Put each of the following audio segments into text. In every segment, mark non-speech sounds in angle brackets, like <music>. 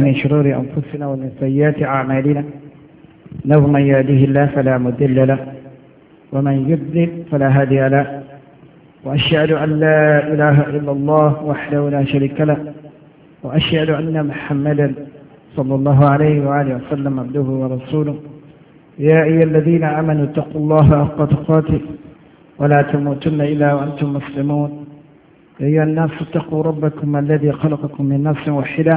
من شرور أنفسنا ومن سيئات أعمالنا له من يهده الله فلا مضل له ومن يضلل فلا هادي له وأشهد أن لا إله إلا الله وحده لا شريك له وأشهد أن محمدا صلى الله عليه وآله وسلم عبده ورسوله يا أيها الذين آمنوا اتقوا الله حق تقاته ولا تموتن إلا وأنتم مسلمون يا أيها الناس اتقوا ربكم الذي خلقكم من نفس واحدة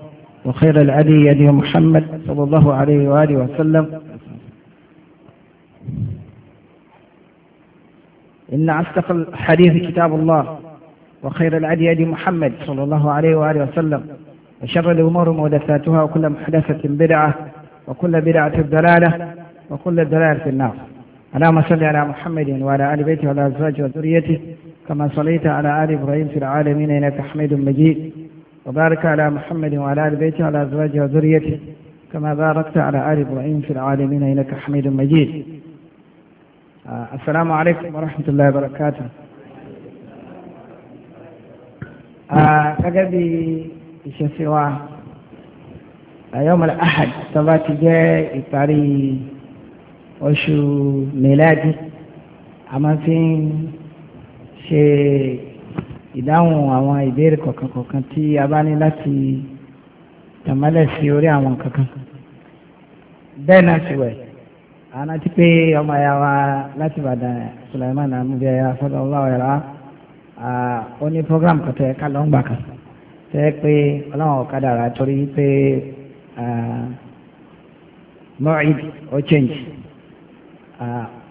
وخير العلي يدي محمد صلى الله عليه وآله وسلم إن أصدق الحديث كتاب الله وخير العلي يدي محمد صلى الله عليه وآله وسلم وشر الأمور مودثاتها وكل محدثة بدعة وكل بدعة الدلالة وكل الدلالة في النار اللهم صل على محمد وعلى آل بيته وعلى أزواجه وذريته كما صليت على آل إبراهيم في العالمين إنك حميد مجيد وبارك على محمد وعلى آل بيته وعلى أزواجه وذريته كما باركت على آل إبراهيم في العالمين إنك حميد مجيد آه، السلام عليكم ورحمة الله وبركاته أجدي آه، bí آه، يوم الأحد ayọ́mọ̀lá ahad إطاري وشو ميلادي أما ìparí شيء ìdáhùn àwọn ìbéèrè kọ̀ọ̀kan tí a bá ní láti tàmálẹ̀ sí orí àwọn kankan bẹ́ẹ̀ náà sì wẹ̀ àná ti pé ọmọ ya wa láti Ìbàdàn Sulaiman amúbi ẹ̀yà fọlọ́ ọlá ọ̀yàrá ó ní program kan tẹ́ ká lọ́ngbà kan tẹ́ pé ọlọ́run ọ̀kadà rà torí pé mọ́ọ̀id ó change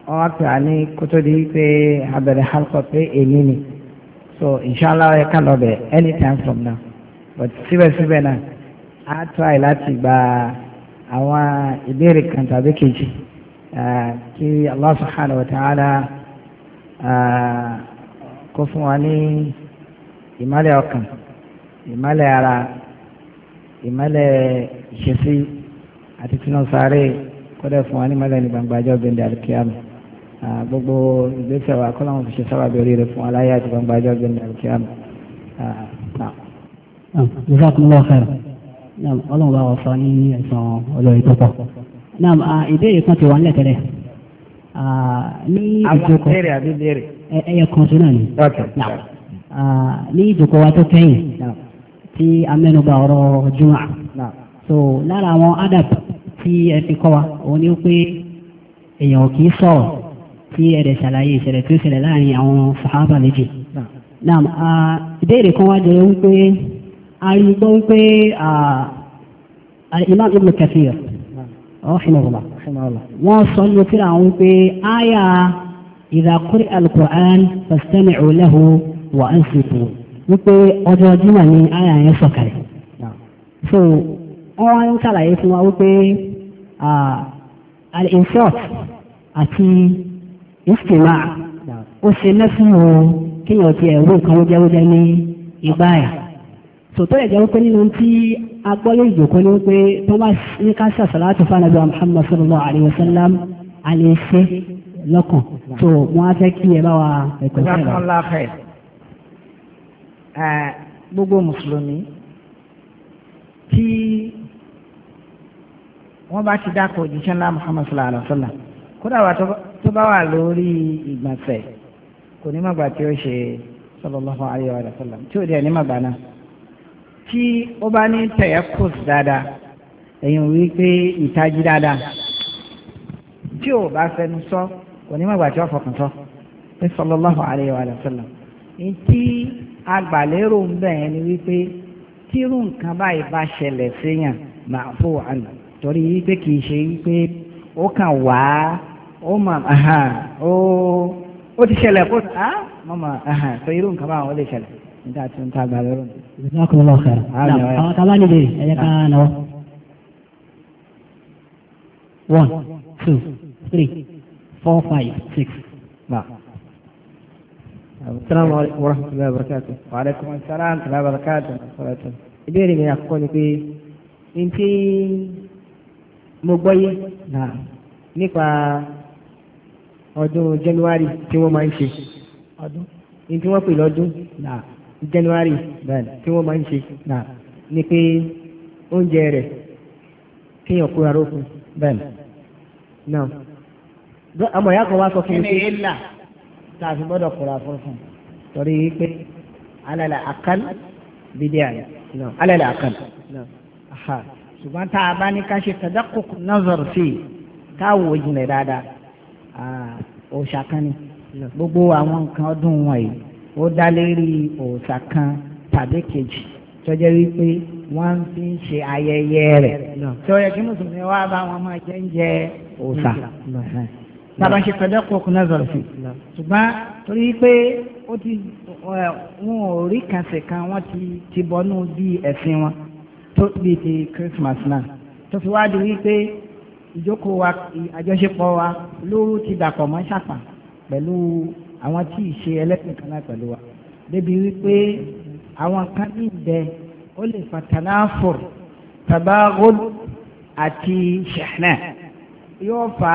wọ́n wá pè á ní kótó di pé abẹ̀rẹ̀ halkọ̀ pé èmi ni so inshallah ẹ kà lọ bẹ anytime from now but síbẹ̀síbẹ̀ náà a try láti gba àwọn ìbéèrè kan tàbí kejì kí Allah subhanahu wa ta'ala kó fún wa ní ìmọ́lẹ̀ ọkàn ìmọ́lẹ̀ ara ìmọ́lẹ̀ ìṣesí àti tinubu sáré kó dẹ̀ fún wa ní ìmọ́lẹ̀ ní gbangba ọjọ́ bíi ndàlùkíyàmù gbogbo ìgbésẹ̀ wa kọ́ láwọn fi ṣe sábà bẹ̀rẹ̀ rẹ̀ fún aláyé àti gbangba ẹjọ́ gbé ní àrùkí àmì. jazakumullahu khairan ọlọ́run bá wọ sọ ní ẹ̀sán olórí tó pọ̀ ìbéèrè kan ti wà nílẹ̀ tẹ́lẹ̀ ní ìjókòó ẹyẹ kan tó náà ni ní ìjókòó wa tó kẹ́yìn tí a mẹ́nubà ọ̀rọ̀ jùmọ̀ so lára àwọn adab tí ẹ fi kọ́ wa òun ni ó pé èèyàn kì í sọ̀rọ̀ tí ẹ̀rẹ̀ ṣàlàyé ìṣẹ̀lẹ̀ tó ṣẹlẹ̀ láàrin àwọn sàhábà méjì. Naam, ìbéèrè kan wá jẹ́ wípé a rí gbọ́ wípé Imam Ibn Kathir rahimahullah wọ́n sọ ní òkúra àwọn wípé àyà idha quri'a al-Qur'an fastami'u lahu wa ansitu wípé ọjọ́ Jímọ̀ ni àyà yẹn sọ̀kalẹ̀. So, wọ́n ń ṣàlàyé fún wa wípé al-insult àti ìsìnmá ó ṣe lẹ́fún o kéèyàn ti ẹ̀rọ nǹkan wọ́jẹ́wọ́jẹ́ ní ìgbà ẹ̀ sòtọ́ ẹ̀jẹ̀ wípé nínú tí agbọ́lé ìjòkó ní wípé tó bá ní ká ṣàṣàlátù fánàbí Muhammad sallallahu alaihi wasallam a lè ṣe lọ́kàn tó wọ́n á fẹ́ kí ẹ bá wa ẹ̀kọ́ sí ẹ̀ gbogbo mùsùlùmí tí wọ́n bá ti dákọ̀ òjíṣẹ́ ńlá Muhammad sallallahu alaihi wasallam kódà wà tó tó bá wà lórí ìgbọ̀nsẹ̀ kò ní màgbà tí ó ṣe sallallahu alayhi wa sallam tí ò dé ní màgbà náà tí ó bá ní tẹ̀yẹ́kùs dáadáa ẹ̀yìn wí pé ìtají dáadáa tí ò bá fẹnu sọ kò ní màgbà tí ó fọkàn sọ pé sallallahu alayhi wa sallam tí agbàlérò ń bẹ̀ yẹn ni wípé tírú nǹkan báyìí bá ṣẹlẹ̀ séyàn màá fò àná torí wípé kì í ṣe wípé ó kàn wá ó mà áhà ó ó ti ṣẹlẹ̀ kó á mọ̀mọ́ áhà tó irú nǹkan báwọn ó lè ṣẹlẹ̀ nígbà tí ń ta àgbà lọ́rùn. ìgbésẹ̀ ọkọ̀ ọlọ́ọ̀kẹ́ rẹ̀ àwọn tábà nílé ẹ̀yẹ ká náwó. one two three four five six. Assalamu alaikum warahmatullahi wabarakatuh. Wa alaikum assalam warahmatullahi wabarakatuh. Ìbéèrè mi àkọ́kọ́ ni pé ní tí mo gbọ́yé nípa ọdún January tí wọ́n máa ń ṣe ọdún ní tí wọ́n pè lọ́dún náà January tí wọ́n máa ń ṣe náà ni pé oúnjẹ rẹ̀ kéèyàn kóra rókun bẹ́ẹ̀ náà àmọ́ ìyá kan wá sọ fún mi pé kí ni ìlà tá a fi gbọ́dọ̀ kóra fúnfún torí pé alala akal bídíà náà alala akal náà ṣùgbọ́n tá a bá ní ká ṣe tadakuk nazar sí i ká wò dáadáa òòṣà kan ni gbogbo àwọn nǹkan ọdún wọn yìí ó dá lérí òòṣà kan tàbí kejì tó jẹ́ wípé wọ́n fi ń ṣe ayẹyẹ rẹ̀ tó yẹ kí mùsùlùmí wá bá wọn máa jẹ́ ń jẹ òòṣà tàbá ṣe pẹ̀lẹ́ kó kún náà zọ̀rọ̀ sí ṣùgbọ́n torí pé ó ti wọn ò rí kànṣẹ̀ kan wọ́n ti ti bọ́nú bí ẹ̀sìn wọn tó bíi ti Christmas náà tó fi wá di wípé ìjókòó wa àjọṣepọ̀ wa ló ti dàpọ̀ mọ́ ṣàpà pẹ̀lú àwọn tí ì ṣe ẹlẹ́sìn kan náà pẹ̀lú wa débi wípé àwọn kan ní ìdẹ ó lè fa tanáfòr tabaghud àti ṣẹ̀nà yóò fa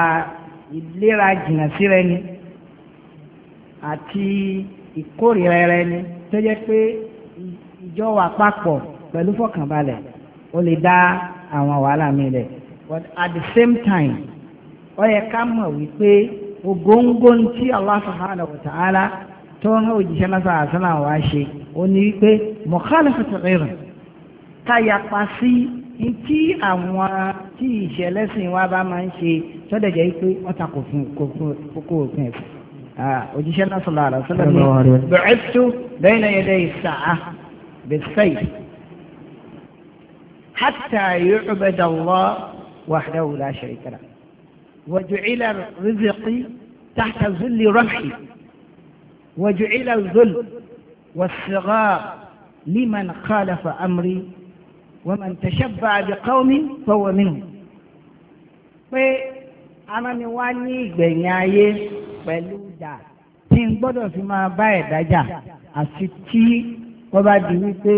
ìlera jìnnà síra ẹni àti ìkórìíra ẹra ẹni tó jẹ́ pé ìjọ wà papọ̀ pẹ̀lú fọkànbalẹ̀ ó lè dá àwọn wàhálà mi lẹ̀ but at the same time ó yẹ ká mọ̀ wípé ògóńgó tí Allah subhanahu wa ta'ala tó ń hàn òjíṣẹ́ náà sàásánà wá ṣe ó ní wípé mukhalafatu ghayri ká yapa sí tí àwọn tí ìṣẹ̀lẹ̀ sìn wá bá máa ń ṣe tó dẹ̀ jẹ́ pé ọ̀tà kò fún kókó òfin ẹ̀fọ́ òjíṣẹ́ náà sallallahu alaihi wasallam bu'ithtu bayna yaday as-sa'ah bis-sayf hatta yu'bada Allah. وحده لا شريك له وجعل رزقي تحت ظل رمحي وجعل الذل والصغار لمن خالف أمري ومن تشبع بقوم فهو منهم pé ara mi wá ní ìgbẹ̀yìn ayé pẹ̀lú ìjà tí n gbọ́dọ̀ fi máa bá ẹ̀dá jà àfi tí wọ́n bá di wípé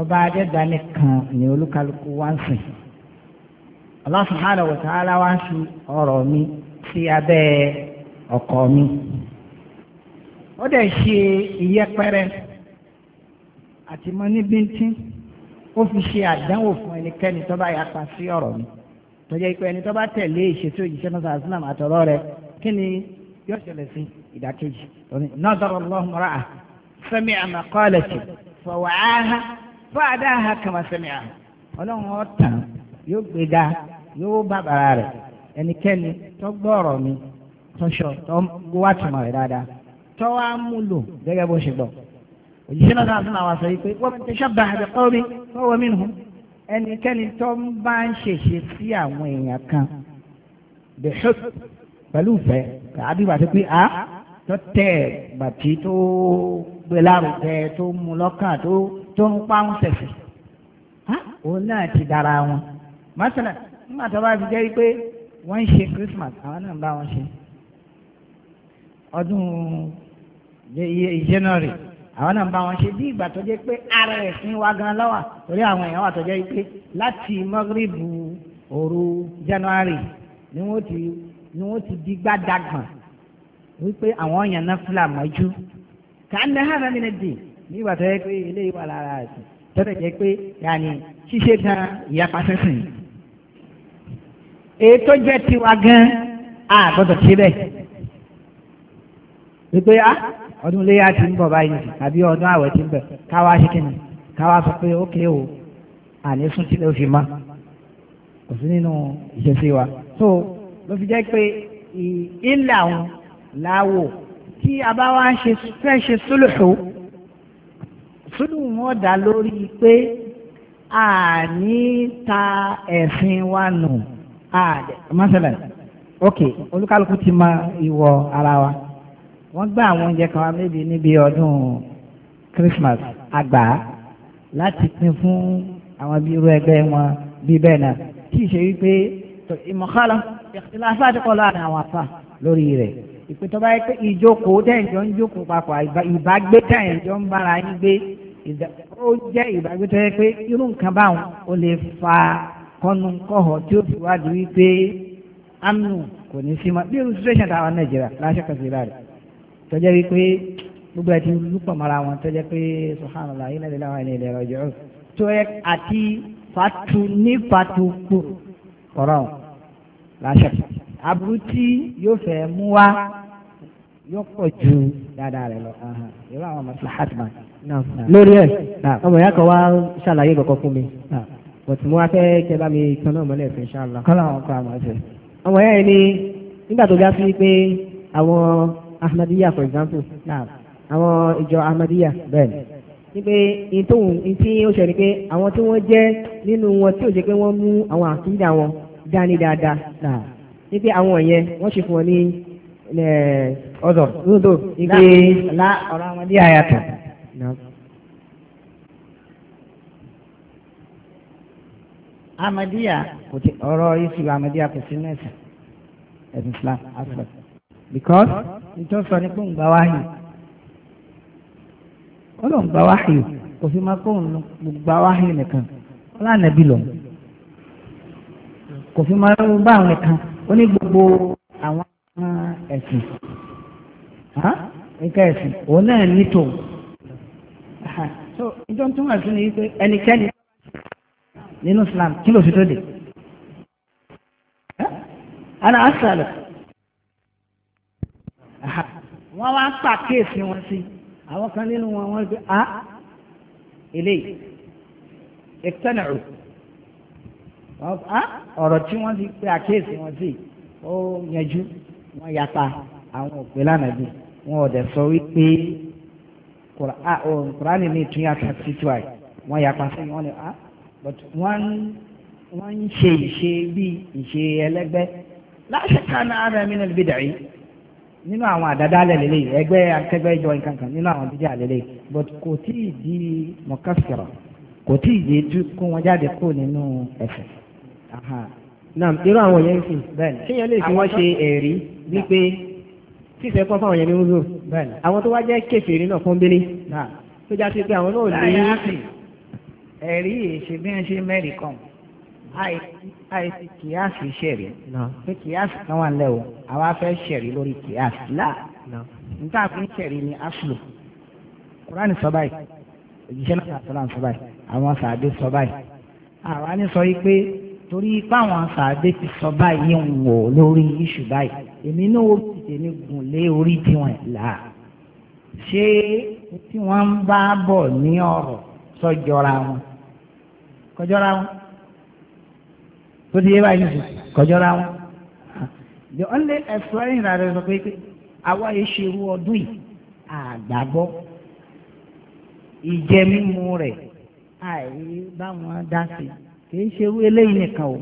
ọba adẹ́gbà nìkan ni olúkálùkù wá ń sìn. Allah subhanahu wa ta'ala wá ń fi ọ̀rọ̀ mi sí abẹ́ ọkọ mi ó dẹ̀ ṣe ìyẹpẹrẹ àti mọ ní bíntín ó fi ṣe àdánwò fún ẹnikẹ́ni tó bá yapa sí ọ̀rọ̀ mi tó jẹ́ pé ẹni tó bá tẹ̀lé ìṣètò ìṣiṣẹ́ náà sàásùn náà àtọ̀rọ̀ rẹ kí ni yóò ṣẹlẹ̀ sí ìdákejì nadara Allahu imra'an sami'a maqalati fawa'aha fa'adaha kama sami'aha ọlọ́run ọ̀tàn yóò gbé dáa yóò bá bàrà rẹ̀ ẹnikẹ́ni tó gbọ́ ọ̀rọ̀ mi tó sọ tó wá tìmọ̀ rẹ̀ dáadáa tó wá múlò gẹ́gẹ́ bó ṣe gbọ́ òjíṣẹ́ náà sáà fún àwọn àṣọ yìí pé wọ́n ti ṣàbà àbẹ̀ kọ́rí fọwọ́ mi nù ẹnikẹ́ni tó ń bá ń ṣèṣe sí àwọn èèyàn kan bẹ̀ṣọ́ pẹ̀lú ìfẹ́ tàbí wàá ti pé a ah, tó tẹ̀ bàtí tó gbé lárugẹ tó mú lọ́kàn tó tó ń pa ń tẹ̀sí. Ah, òun náà ti dára wọn nígbà tó bá fi jẹ́ pé wọ́n ń ṣe Christmas àwọn náà ń bá wọn ṣe ọdún January àwọn náà ń bá wọn ṣe bí ìgbà tó jẹ́ pé ara ẹ̀sìn wa gan lọ́wà torí àwọn èèyàn wà tó jẹ́ pé láti mọ́gírìbù òru January ni wọ́n ti ni wọ́n ti di gbàdàgbọ̀n wípé àwọn èèyàn náà fúlà mọ́jú ká ń dáhà rẹ̀ nínú dì nígbà tó jẹ́ pé eléyìí wà lára ẹ̀sìn tó tẹ̀ jẹ́ pé yàní ṣíṣe gan ìyapa sẹ́sìn yìí èyí tó jẹ́ tiwa gan a gbọ́dọ̀ ṣe bẹ́ẹ̀ wípé a ah, ọdún léyà ti ń bọ̀ báyìí àbí ọdún àwẹ̀ ti ń bẹ̀ káwa ṣe kí ni káwa sọ pé ókè o àní sún sílẹ̀ ó fi má kò sí nínú ìṣesí wa so ló fi jẹ́ pé ilé àwọn láwò tí a bá wá fẹ́ ṣe sólùṣù sólùṣù wọn dá lórí pé àní ta ẹ̀sìn wa nù. No àdẹ ah, mọ́sálẹ̀ ok olúkálukú ti ma ìwọ ara wa wọ́n gbá àwọn oúnjẹ kan wá mébi níbi ọdún Christmas àgbà láti pín fún àwọn bí irú ẹgbẹ́ wọn bí bẹ́ẹ̀ náà kì í ṣe wípé ìmọ̀kálá ìlànà àti kọ́ láàrin àwọn afa lórí rẹ̀ ìpètọ́ba yẹ pé ìjókòó tẹ̀yìnjọ́ ń jókòó papọ̀ ìbágbé tẹ̀yìnjọ́ ń bára yín gbé ó jẹ́ ìbágbé tẹ̀yẹ pé irú nǹkan báwọn ó lè fa kọ́nu kọ́họ̀ tí ó fi wádìí wípé amnu kò ní sí ma bí irú situation táwọn nàìjíríà láṣẹ kan sí ra rẹ̀ tọ́jẹ́ wípé gbogbo ẹ̀ ti lúpọ̀ mọ́ra wọn tọ́jẹ́ pé subhanallah ilẹ̀ ilẹ̀ àwọn ilẹ̀ ọjọ́ tó yẹ àti fatu ní fatu kù ọ̀rọ̀ láṣẹ kan aburú tí yóò fẹ́ mú wá yóò pọ̀ ju dáadáa rẹ̀ lọ irú àwọn maslahat ma lórí ẹ̀ ọmọ ìyá kan wá ṣàlàyé kankan fún mi. but mo wá fẹ́ kẹ́ bá mi tan náà mọ́lẹ̀ fún ṣáàlá. kọ́lá àwọn kan àmọ́ ṣe. ọmọ yẹn ni nígbà tó pé àwọn ahmadiyya for example àwọn ìjọ ahmadiyya bẹ́ẹ̀ ni pé ìtòhùn tí ó ṣe àwọn tí wọ́n jẹ́ nínú wọn tí ò ṣe pé wọ́n mú àwọn àkídà wọn dání dáadáa wọ́n ṣe fún ní eh, ọ̀dọ̀ pé ọ̀rọ̀ amadiya kò ti ọ̀rọ̀ ìṣirò amadiya kò sí nẹ́sìn ẹ̀sìn Islam asọ̀ because nítorí sọ ní kó ń gba wáyé ó lọ ń gba wáyé kò fi máa kó ń gba wáyé nìkan ó lànà bí lòun kò fi máa ń bá àwọn nìkan ó ní gbogbo àwọn ẹ̀sìn nǹkan ẹ̀sìn òun náà ní so ìjọ ń túmọ̀ sí ni wípé ẹnikẹ́ni nínú Islam kí ló fi tó dé ana asàlẹ̀ wọ́n wá pàkíyèsí wọn sí àwọn kan nínú wọn wọ́n gbé a ah, eléyìí ìtẹ́nà a ah, ọ̀rọ̀ tí wọ́n ti pe àkíyèsí wọn sí ó yanjú wọ́n yapa àwọn òpè lánàá bí wọn ò dẹ̀ sọ wípé kùránì ní ìtúnyàtà títú àì wọ́n yapa sí wọn ni a. Ah, but wọ́n wọ́n ń ṣe ìṣe bíi ìṣe ẹlẹ́gbẹ́ láṣẹ kan ara mi náà bídà yìí nínú àwọn àdádálẹ̀ lélẹ̀ ẹgbẹ́ akẹgbẹ́ jọ nǹkan kan nínú àwọn bídà lélẹ̀ but kò tí ì di mọ̀kásìrọ̀ kò tí ì di tú kó wọn jáde kó nínú ẹ̀fẹ̀. naam irú àwọn yẹn sì bẹ́ẹ̀ni ṣé yẹn lè fi wọ́n ṣe ẹ̀rí wípé fífẹ́ kọ́ fáwọn yẹn ní wúlò àwọn tó wá jẹ́ kèfèrí náà fún bíní tó já pé àwọn náà ní ẹ̀rí èṣe bí wọ́n ṣe mẹ́rin kan àìsí kìíyàsí ṣẹ̀rí pé kìíyàsí kan wà lẹ́wọ̀ àwa fẹ́ ṣẹ̀rí lórí kìíyàsí láà níta fi ń ṣẹ̀rí ni aslo kúránì sọ báyìí òjíṣẹ́ náà sọ láǹsọ báyìí àwọn sàádé sọ báyìí àwa ní sọ yìí pé torí ipá àwọn sàádé ti sọ báyìí ń wò lórí iṣu báyìí èmi náà ó ti tèmi gùn lé orí tiwọn là ṣé tí wọ́n ń bá bọ̀ ní ọ̀rọ̀ sọ́jọ́ra wọn kọjọ́ra wọn tó ti yé báyìí nìsí kọjọ́ra wọn. the only exploring rẹ̀ rẹ̀ sọ pé àwa yìí ṣe irú ọdún yìí àgbàgbọ́ ìjẹ mímu rẹ̀ àìrí báwọn dá sí kì í ṣe irú eléyìí nìkan o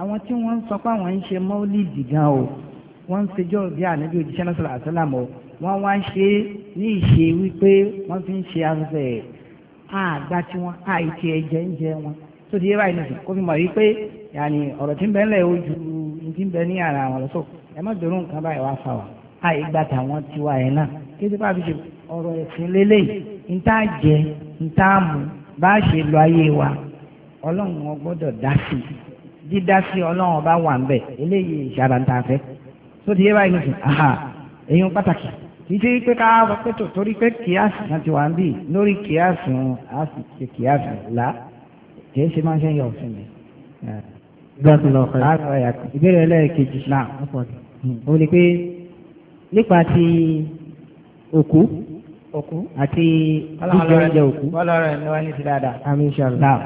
àwọn tí wọ́n ń sọ pé àwọn ń ṣe mọ́lìdì gan o wọ́n ń ṣejọ́ bí ànábì òjíṣẹ́ náà sọ̀rọ̀ àṣálàmọ́ wọ́n wá ń ṣe ní ìṣe wípé wọ́n fi ń ṣe afẹ́ àgbà tí wọn àìtì ẹ̀jẹ̀ ń jẹ wọn tó ti yé báyìí nìyí kó fi mọ̀ yìí pé yàní ọ̀rọ̀ tí ń bẹ ńlẹ̀ ojú ti ń bẹ ní ara àwọn lọ́sọ̀ ẹ má dòrò nǹkan báyìí wá fà wá àìgbà tàwọn ti wá ẹ̀ náà kí ló bá fi ṣe ọ̀rọ̀ ẹ̀sìn lélẹ́yìí ń tá jẹ ń tá mú bá ṣe lọ ayé wa ọlọ́run wọn gbọ́dọ̀ dá sí i dídá sí ọlọ́run ọba wà ń bẹ̀ eléyìí ìṣàràǹtà fẹ́ tó ti yé báyìí nìyí kìí ṣe pé ká sọ pé tò torí pé kíásì náà ti wà ń bì lórí kíásì wọn á sì ṣe kíásì là kìí ṣe máa ń ṣe yọ òfin mi. ìbéèrè ẹlẹ́ẹ̀kejì náà ó lè pé nípa ti òkú òkú àti jíjẹ oúnjẹ òkú. bọ́lá rẹ̀ ni wọ́n ní ti dáadáa. àmì ìṣàlù. náà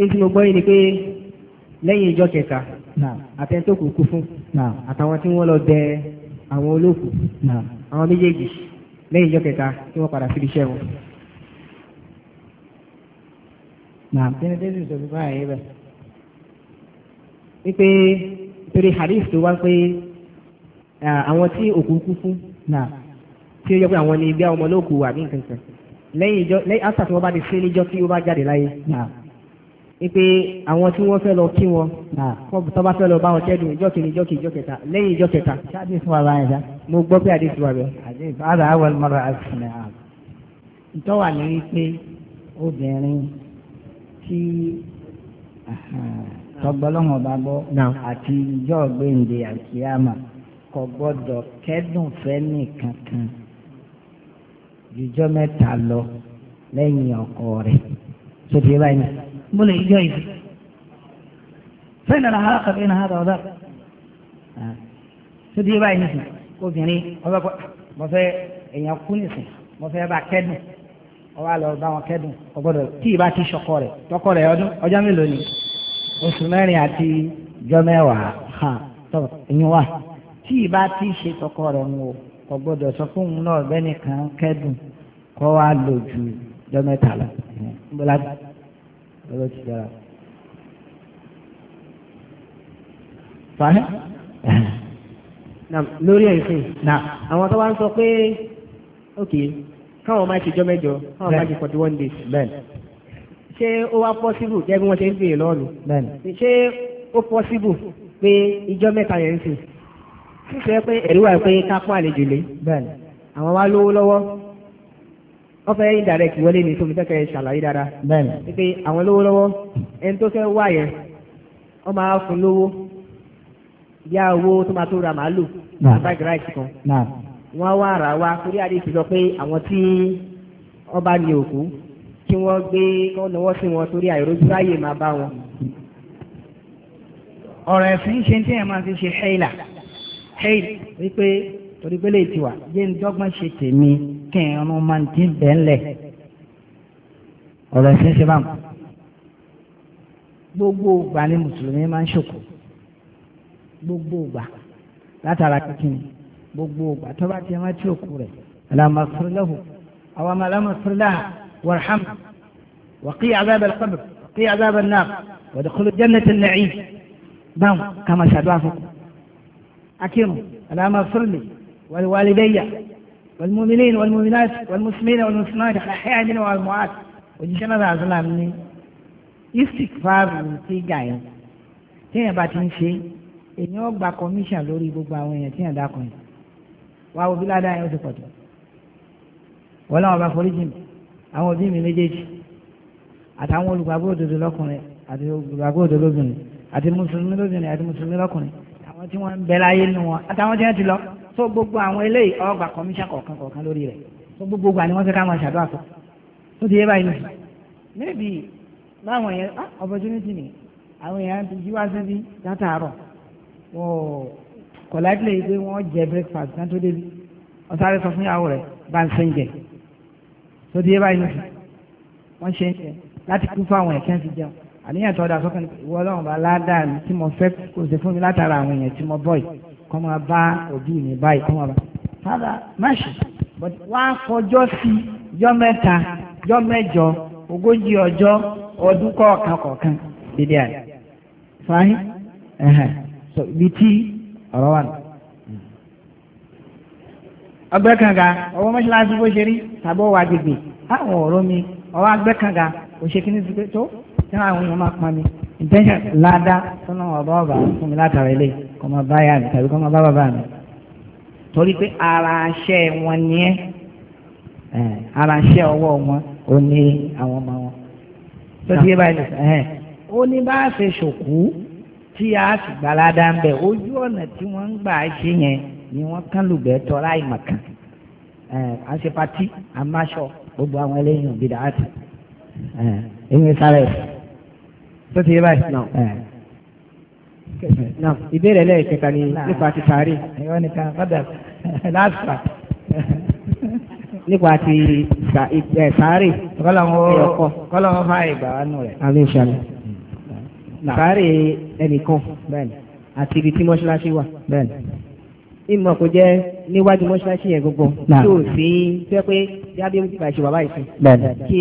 èyí mo gbọ́ yìí ni pé lẹ́yìn ìjọ kẹta àtẹ̀ntókù kú fún àtàwọn tí wọ́n lọ dẹ àwọn olóòkú àwọn méjèèjì lẹ́yìn ìjọ kẹta tí wọ́n padà sí iṣẹ́ wọn. kíni jésù sọ fún báyìí bẹ́ẹ̀. wípé torí hadith tó wá pé àwọn tí òkú kú fún tí ó yẹ pé àwọn ni bí àwọn ọmọ olóòkú wà ní nǹkan kan lẹ́yìn ìjọ lẹ́yìn after tí wọ́n bá ti sí níjọ́ tí ó bá jáde láyé wípé àwọn tí wọ́n fẹ́ lọ kí wọn tó bá fẹ́ lọ bá wọn kẹ́dùn ìjọ kìíní ìjọ kìíní ìjọ kẹta lẹ́yìn ìjọ kẹta. ṣáàdì fún wa báyìí dá. mo gbọ́ pé àdìsí wa bẹ̀. àdìsí ara àwọn ọmọdé àfihàn ààbò. ìtọ́ wà ní wípé obìnrin tí tọgbọ́lọ́wọ́n bá gbọ́ àti ìjọ ọ̀gbẹ́ǹde àkíyàmà kò gbọ́dọ̀ kẹ́dùn fẹ́ nìkan kan jùjọ́ mẹ́ta lọ lẹ́yìn ọkọ rẹ̀ sóde báyìí. بني جايزي فإن العلاقة بين هذا وذاك tó dé báyìí nísìn obìnrin ọba kọ mo fẹ́ èèyàn kú nísìn mo fẹ́ bá kẹ́dùn ọba lọ bá wọn kẹ́dùn ọgbọ́dọ̀ tí ìbá ti sọkọ rẹ̀ tọkọ rẹ̀ ọdún ọjọ́ mélòó ni oṣù mẹ́rin àti jọ mẹ́wàá hàn tọ ìyún wa tí ìbá ti ṣe tọkọ rẹ̀ ń wo ọgbọ́dọ̀ sọ fún òun kan kẹ́dùn kọ wa lò ju lọ́dọ̀ ti dára. fàáhẹ́. lórí ẹ̀sìn àwọn tó wá ń sọ pé ok káwọn máa ti jọ mẹ́jọ káwọn máa ti forty one days. bẹ́ẹ̀ ṣé ó wá pọ́sibù gẹ́gẹ́ bí wọ́n ṣe ń béèrè lọ́ọ̀nù. bẹ́ẹ̀ ṣé ó pọ́sibù pé ìjọ mẹ́ta yẹn ń sìn. sísè pé ẹ̀rí wà pé ká pọ́n àlejò lé. àwọn wá lówó lọ́wọ́ wọ́n fẹ́ indirect wọlé ní tóbi tẹ́kẹ̀ ṣàlàyé dáadáa. àwọn lówó lọ́wọ́ ẹni tó fẹ́ wá yẹn fún lówó owó tó máa tó ra màálù bag rice kan. wá ara wa torí àdé pé àwọn tí wọ́n bá ní òkú kí wọ́n gbé kí wọn torí àìrójú ráyè bá wọn. ọ̀rọ̀ ẹ̀sìn ṣe máa ṣe wípé torí pé lè jẹ́ kẹrùn máa ti bẹ́ńlẹ̀ ọ̀rọ̀ ẹ̀sìn ṣe máa mú gbogbo ìgbà ni mùsùlùmí máa ń ṣòkò gbogbo ìgbà látara kíkìnì gbogbo ìgbà tó bá ti máa ti òkú rẹ̀ alámàfúrúláhù àwọn ọmọ alámàfúrúláhà wàrhàm wàkí àzábẹ lọkọbẹ wàkí àzábẹ náà wàdìkúlù jẹnẹtì nàìjíríà báwọn kàmá ṣàdúrà fún un akínú alámàfúrúlì wàlúwàlúbẹyà والمؤمنين والمؤمنات والمسلمين والمسلمات الأحياء منهم والموات òjíṣẹ́ náà sàrà sọ́là ní istikfaru tí gà yẹn téèyàn bá ti ń ṣe èèyàn ó gba commission lórí gbogbo àwọn èèyàn téèyàn dákun yẹn wá wo bí ládàá yẹn ó ti pọ̀tọ̀ wọ́n láwọn bá forí jìn àwọn òbí mi méjèèjì àtàwọn olùgbàgbọ́ òdodo lọ́kùnrin àti olùgbàgbọ́ òdodo lóbìnrin àti mùsùlùmí lóbìnrin àti mùsùlùmí lọ́kùnrin àwọn tí wọ́n ń bẹ láyé nù wọn àtàwọn tí wọ́n ti lọ so gbogbo àwọn eléyìí ọgbà kọmíṣà kọ̀ọ̀kan kọ̀ọ̀kan lórí rẹ̀ so gbogbo gbà ni wọ́n fẹ́ ká máa ṣàdúrà fún tó ti yé báyìí nìyí maybe báwọn yẹn ah, opportunity ni àwọn yẹn ti jí wá síbi látàárọ̀ wọ́n kọ̀ láti lè pé wọ́n jẹ breakfast kan tó débi ọ̀sáré sọ fún ìyàwó rẹ̀ bá ń sẹ́ńjẹ tó ti yé báyìí nìyí wọ́n ṣe ń eh, ṣe láti kú fáwọn ẹ̀kẹ́ ti jẹun àníyàn tó ọ̀dà sọ́kàn ìwọ bá ládàá kọ́ máa bá òbí mi báyìí kọ́ bá á fọjọ́ sí mẹ́ta mẹ́jọ ogójì ọjọ́ so ibi tí ọ̀rọ̀ wà ọgbẹ́ ọwọ́ mọ́ṣáláṣí bó ṣe rí tàbí ọwọ́ agbègbè táwọn ọ̀rọ̀ mi ọwọ́ agbẹ́ ti pé tó àwọn èèyàn máa mi ládàá tó náà ọ̀bà fún mi kọ́ máa bá yà mí tàbí kọ́ máa bá bàbá mi torí pé ara aṣẹ́ wọn ni ẹ́ ara aṣẹ́ ọwọ́ wọn ò ní àwọn ọmọ wọn tó ti yé báyìí nìkan ó ní bá a ṣe ṣòkú tí a sì gbalada ń bẹ̀ ojú ọ̀nà tí wọ́n ń gbà ṣe yẹn ni wọ́n kán lùgbẹ́ tọ́ra ìmọ̀kan àṣepatí àmáṣọ gbogbo àwọn eléyìí ò bí dáhàtì ẹ̀yìn sáré tó ti yé báyìí náà náà ìbéèrè lẹ́ẹ̀kẹta ni nípa ti tààrí. ẹ̀yọ́ nìkan kọ́dà láàṣà. <laughs> <laughs> nípa ti tààrí. kọ́lọ́wọ́ kọ́lọ́wọ́ fà ìgbà wa nù rẹ̀. àmì ìṣàlẹ̀. Hmm. tààrí ẹnìkan bẹ́ẹ̀ ni àti ibi tí mọ́ṣáláṣí wà ìmọ̀ kò jẹ́ níwájú mọ́ṣáláṣí yẹn gbogbo tí ò sí fẹ́ pé yábí ń gbà ṣe bàbá ìsìn kí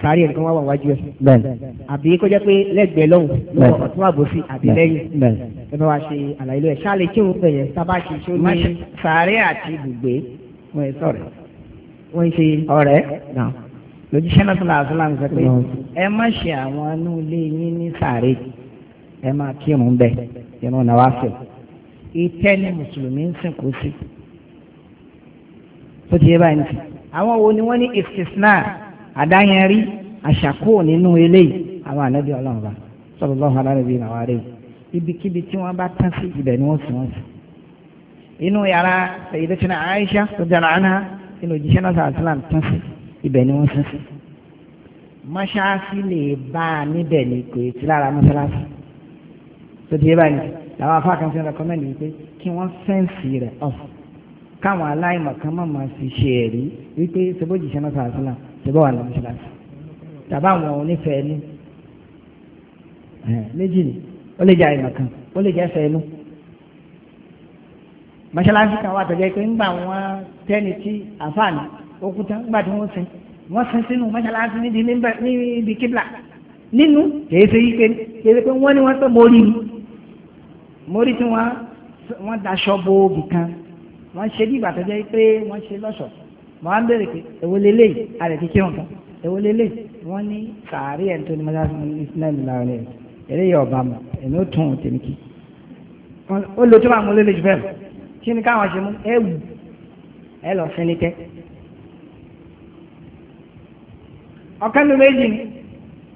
sàárì ẹnìkan wà wà wájú ẹ̀ àbí kó jẹ́ pé lẹ́gbẹ̀ẹ́ lọ́hùn lọ́wọ́ ọ̀tún àbòsí àbí lẹ́yìn ẹ bá wa ṣe àlàyé lọ́yẹ̀ ṣáàlẹ̀ kí òun bẹ̀yẹ sábà ṣe ṣó ní sàárì àti ibùgbé wọn ẹ sọ̀rọ̀ wọn ń ṣe ọ̀rẹ́ lójúṣẹ́ náà tún ìtẹ́ ni mùsùlùmí ń sìnkú sí ó ti yé báyìí nìkan àwọn wo ni wọ́n ní ìsìsínà àdáyẹnrí àṣàkó nínú eléyìí àwọn ànábì ọlọ́run bá sallallahu alaihi wa sallam rẹ̀ ibikíbi tí wọ́n bá tán sí ibẹ̀ ni wọ́n sì wọ́n sí. inú yàrá sayyidatina Aisha radiyallahu anha inú òjíṣẹ́ náà sàrà sílám tán sí ibẹ̀ ni wọ́n sì sí. mọ́ṣáláṣí lè bá a níbẹ̀ ní kò tí làwọn afáàkàn fi rẹkọmẹ́ndì wípé kí wọ́n sẹ́ǹsì rẹ̀ ọ̀f káwọn aláìmọ̀ kan má máa fi ṣe ẹ̀rí wípé ṣebójì ṣẹ́ náà sàásìlà ṣebó wà lọ́mọ ṣíláṣí tàbá àwọn onífẹ̀ẹ́ ní méjì ni ó lè jẹ́ àìmọ̀ kan ó lè jẹ́ fẹ́ẹ́ nú mọ́ṣáláṣí kan wà tó jẹ́ pé ńgbà wọn tẹ́ni tí àfààní òkúta ńgbà tí wọ́n sin wọ́n sin sínú mọ́ṣáláṣí níbi kíbla nínú kèé ṣe yí pé kèé ṣe pé wọ́n ní wọ́n pẹ́ mọ́ orí mi mórí tí wọ́n wọ́n daṣọ bo obì kan wọ́n ṣe bí ìbàtọ́jẹ́ pé wọ́n ṣe lọ́ṣọ̀ọ́ wọ́n á bèrè pé èwo lélẹ̀ àrẹ̀ kíkẹ́ wọn kan èwo lélẹ̀ wọ́n ní sàárì ẹ̀ tó ní mọ́tà fún islam làwọlẹ̀ eré yẹ ọba mọ̀ èmi tún tèmi kí ó lo tó máa mú lélẹ̀ jù bẹ́ẹ̀ kí ni káwọn ṣe mú ẹ wù lọ sí ní tẹ́ ọ̀kan ló méjì ni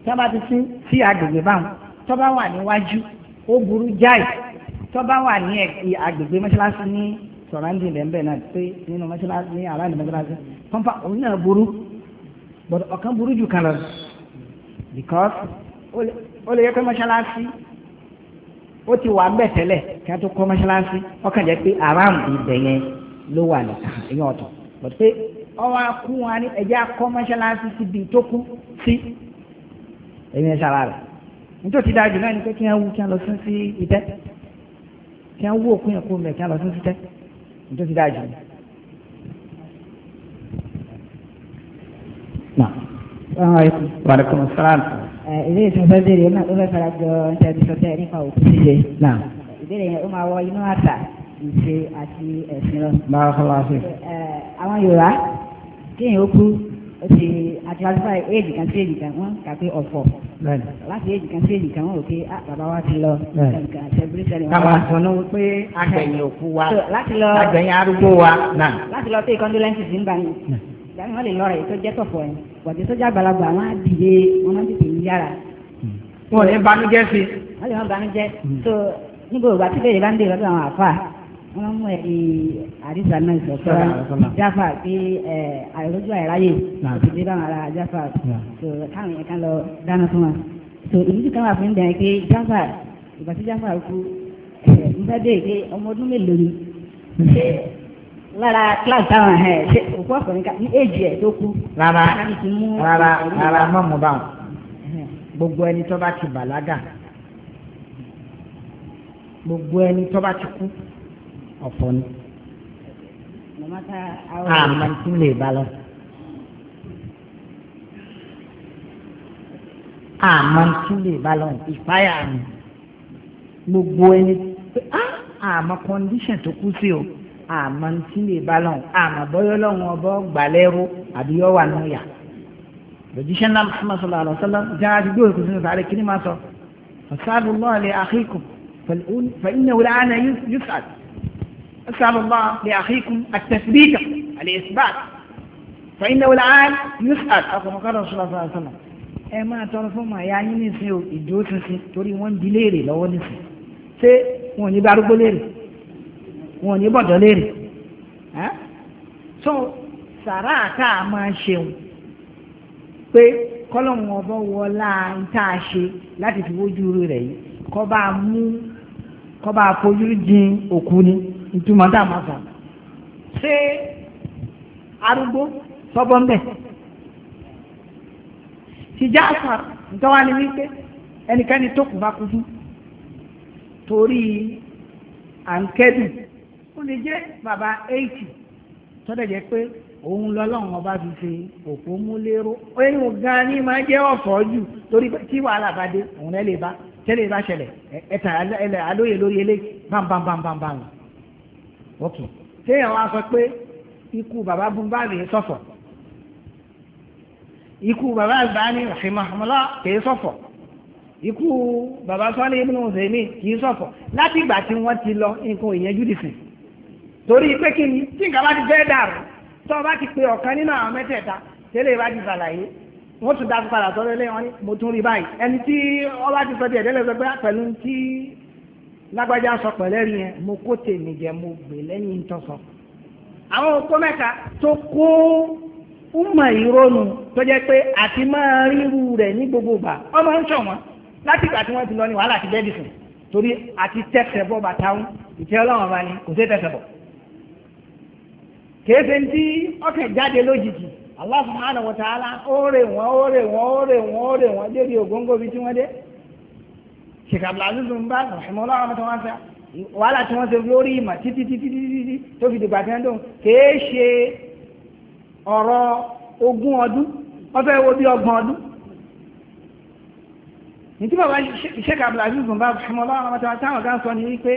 tí wọ́n bá ti sí sí àgbègbè báwọn tó bá wà níwájú ó burú jáì tó bá wà ní agbègbè mọ́ṣáláṣí ní sọ̀ráǹdì lẹ́ńbẹ̀ náà pé nínú mọ́ṣáláṣí ní aráàlú mọ́ṣáláṣí pọ́npá òun náà burú but ọ̀kan burú jù kan lọ because ó lè yẹ pé mọ́ṣáláṣí ó ti wà bẹ́ẹ̀ tẹ́lẹ̀ kí a tó kọ́ mọ́ṣáláṣí ọkàn jẹ́ pé aráàlú ibẹ̀ yẹn ló wà nìkan ìyẹn ọ̀tọ̀ but pé ọwọ́ akú wọn ní ẹ̀jẹ̀ akọ́ mọ́ṣáláṣí síbi tó kú sí ẹ̀yìn ẹ̀ṣára rẹ̀ nítorí dájú náà ni pé kí wọ́n wú kí wọ́n lọ sí sí kí wọ́n wó òkun yẹn kó mẹ́ kí wọ́n lọ sí títẹ́ nítorí ti dáa jù ní. Wàlẹ́kùn sálàmù. Ilé ìsọ̀fẹ́ béèrè náà ó fẹ́ fara jọ ìtẹ́jú sọ́tẹ́ nípa òkú ṣíṣe. Ìbéèrè yẹn ó máa wọ inú àṣà ìṣe àti ẹ̀sìn lọ. Báwo fọlá sí? Àwọn Yorùbá kéèyàn ó kú ó ti àti alifá éèdì kan sí èdì kan wọ́n kà pé ọ̀fọ̀ láti éèdì kan sí èdì kan wọ́n rò pé ah, bàbá wa ti lọ sẹ̀bírísẹ̀rì wọn. káwa sọ ní pé àgbẹ̀yìn òkú wa àgbẹ̀yìn arúgbó wa. láti lọ pé condolences ń bá yín ìdáhùn wọn lè lọ rẹ̀ tó jẹ́ tọ̀fọ̀ ẹ̀ bọ̀dé tó jágbàlagbà wọn á dìde wọn máa ń tètè yára. wọn ò ní banújẹ́ sí. wọ́n lè máa banújẹ́ hmm. so nígbà ògbà tí bẹ́ẹ̀ wọ́n mú ẹ̀rí àdìsá náà ìsọ̀tọ́ jáfà pé àìrójú àìráyè òtítí báwọn ará jáfà tó káwọn yẹn kan lọ dáná fún wa tó èyí tí káwọn àfihàn bẹ̀rẹ̀ pé jáfà ìgbà tí jáfà kú ń fẹ́ bẹ́ẹ̀ pé ọmọ ọdún mélòó ni ṣé lára kíláàsì táwọn ẹ̀ ṣe òkú ọkùnrin ká ní èjì ẹ̀ tó kú. rárá rárá rárá mọ́mú báwọn gbogbo ẹni tó bá ti bàlágà gbogbo ẹni tó bá ti kú ọ̀fọ̀ ni. àmọ́ tí lè bá lọ. àmọ́ tí lè bá lọ ìpáyà mi gbogbo ẹni àmọ́ ah, ah, kọ́ndíṣàn tó kú sí o àmọ́ tí lè bá lọ àmọ́ bọ́yọ́ lọ́wọ́ ọbọ̀ gbàlẹ́rú àbí yọ wà nù yà lójúṣẹ́ ńlá Muhammad sallallahu alaihi wa sallam jẹ́ àdúgbò ìkùsùn ìsàlẹ̀ kí ni máa sọ fasadullah li akhikum fa innahu al-ana yus'al. أسأل الله لأخيكم التثبيت الإثبات فإنه الآن يسأل أقول قال الله صلى الله عليه وسلم ẹ máa tọrọ fún ọmọ àyà yín nísìnyí o ìdúró tuntun torí wọn ń di léèrè lọ́wọ́ nísìnyí ṣé wọn ò ní bá arúgbó léèrè wọn ò ní bọ̀dọ̀ léèrè so sàrà àká máa ṣeun pé kọ́lọ́hún ọbọ̀ wọlá ń ṣe láti fi wójú rẹ̀ yìí kọ́ bá mú kọ́ bá fojú jin òkú ni ìtumọ̀ tá a máa fà ṣé arúgbó sọ́bọ̀ ń bẹ̀ tìjà àṣà ìtọ́wá ni wípé ẹnikẹ́ni tó kù bá kú fún torí à ń kẹ́dùn ó lè jẹ́ bàbá eighty tọ́dẹ̀ jẹ́ pé òun lọ́lọ́run ọba fi ṣe òpó mú lérò ẹnu gan ni máa jẹ́ ọ̀fọ̀ jù torí tí wàhálà bá dé òun ẹ̀ lè bá tẹ́lẹ̀ bá ṣẹlẹ̀ ẹ̀ta ẹ̀lẹ̀ lórí eléyìí bámbámbámbámbámbá wọ́n tù téèyàn wá sọ pé ikú bàbá búmbàlì sọ̀fọ̀ ikú bàbá Albani rahimahumullah kìí sọ̀fọ̀ ikú bàbá sọ́lé ibn Uthaymin kìí sọ̀fọ̀ láti ìgbà tí wọ́n ti lọ nǹkan ìyẹnjú dìsìn torí pé kí ni tí nǹkan bá ti fẹ́ dàrú tó o bá ti pe ọ̀kan nínú àwọn mẹ́tẹ̀ẹ̀ta tẹ́lẹ̀ bá ti ṣàlàyé wọ́n tún dáa padà sọ́dọ̀ lẹ́yìn wọn ni mo tún rí báyìí ẹni tí ọba ti ti sọ lágbájá sọ pẹ̀lẹ́ rí yẹn mo kó tèmi jẹ mo gbè lẹ́yìn tó sọ. àwọn okó mẹ́ta tó kó ọmọ ìrònú tó jẹ́ pé àti máa ríru rẹ̀ ní gbogbo ìgbà ọmọ ń ṣọ̀wọ́n láti ìgbà tí wọ́n ti lọ ní wàhálà ti bẹ́ẹ̀dì sùn torí àti tẹ̀sẹ̀ bọ́ bàtà ń ìtẹ́ ọlọ́run bá ní kò sí tẹ̀sẹ̀ bọ̀. ń tí wọ́n sheikh abdulaziz bin baz rahimahullah àwọn tó wọ́n sá wàhálà tí wọ́n ṣe lórí ìmọ̀ títí títí títí tó fi dìgbà tí wọ́n dùn kèé ṣe ọ̀rọ̀ ogún ọdún wọ́n fẹ́ wo bí ọgbọ̀n ọdún nítí bàbá sheikh abdulaziz bin baz rahimahullah àwọn tó wọ́n sá àwọn kan sọ ni wípé